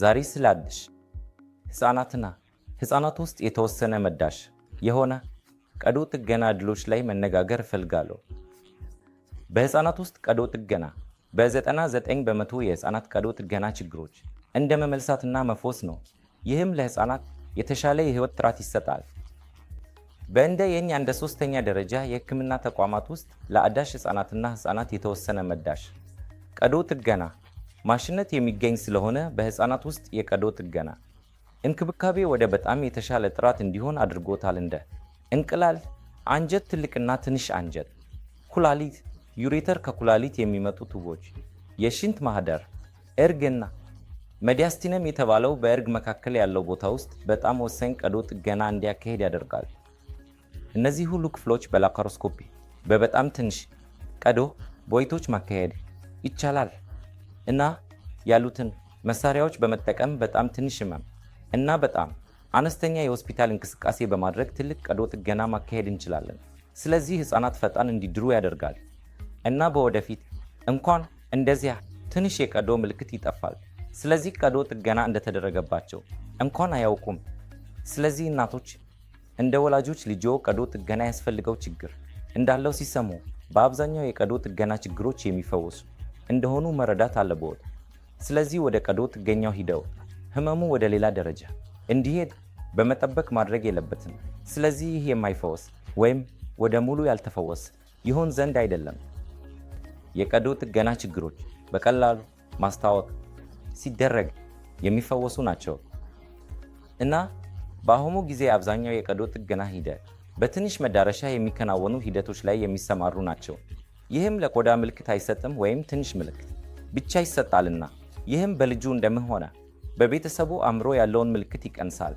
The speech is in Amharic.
ዛሬ ስላለሽ ህፃናትና ህፃናት ውስጥ የተወሰነ መዳሽ የሆነ ቀዶ ጥገና እድሎች ላይ መነጋገር እፈልጋለሁ። በህፃናት ውስጥ ቀዶ ጥገና በ99 በመቶ የህፃናት ቀዶ ጥገና ችግሮች እንደ መመልሳትና መፎስ ነው። ይህም ለህፃናት የተሻለ የህይወት ጥራት ይሰጣል። በእንደ የኛ እንደ ሶስተኛ ደረጃ የህክምና ተቋማት ውስጥ ለአዳሽ ህፃናትና ህፃናት የተወሰነ መዳሽ ቀዶ ጥገና ማሽነት የሚገኝ ስለሆነ በህፃናት ውስጥ የቀዶ ጥገና እንክብካቤ ወደ በጣም የተሻለ ጥራት እንዲሆን አድርጎታል። እንደ እንቅላል አንጀት፣ ትልቅና ትንሽ አንጀት፣ ኩላሊት፣ ዩሬተር፣ ከኩላሊት የሚመጡ ቱቦች፣ የሽንት ማህደር፣ እርግና መዲያስቲነም የተባለው በእርግ መካከል ያለው ቦታ ውስጥ በጣም ወሳኝ ቀዶ ጥገና እንዲያካሄድ ያደርጋል። እነዚህ ሁሉ ክፍሎች በላፓሮስኮፒ በበጣም ትንሽ ቀዶ ቦይቶች ማካሄድ ይቻላል። እና ያሉትን መሳሪያዎች በመጠቀም በጣም ትንሽ ህመም እና በጣም አነስተኛ የሆስፒታል እንቅስቃሴ በማድረግ ትልቅ ቀዶ ጥገና ማካሄድ እንችላለን። ስለዚህ ህፃናት ፈጣን እንዲድሩ ያደርጋል እና በወደፊት እንኳን እንደዚያ ትንሽ የቀዶ ምልክት ይጠፋል። ስለዚህ ቀዶ ጥገና እንደተደረገባቸው እንኳን አያውቁም። ስለዚህ እናቶች እንደ ወላጆች ልጆ ቀዶ ጥገና ያስፈልገው ችግር እንዳለው ሲሰሙ በአብዛኛው የቀዶ ጥገና ችግሮች የሚፈወሱ እንደሆኑ መረዳት አለብዎት። ስለዚህ ወደ ቀዶ ጥገናው ሂደው ህመሙ ወደ ሌላ ደረጃ እንዲሄድ በመጠበቅ ማድረግ የለበትም። ስለዚህ ይህ የማይፈወስ ወይም ወደ ሙሉ ያልተፈወስ ይሆን ዘንድ አይደለም። የቀዶ ጥገና ችግሮች በቀላሉ ማስታወቅ ሲደረግ የሚፈወሱ ናቸው እና በአሁኑ ጊዜ አብዛኛው የቀዶ ጥገና ሂደት በትንሽ መዳረሻ የሚከናወኑ ሂደቶች ላይ የሚሰማሩ ናቸው። ይህም ለቆዳ ምልክት አይሰጥም ወይም ትንሽ ምልክት ብቻ ይሰጣልና፣ ይህም በልጁ እንደምን ሆነ በቤተሰቡ አእምሮ ያለውን ምልክት ይቀንሳል።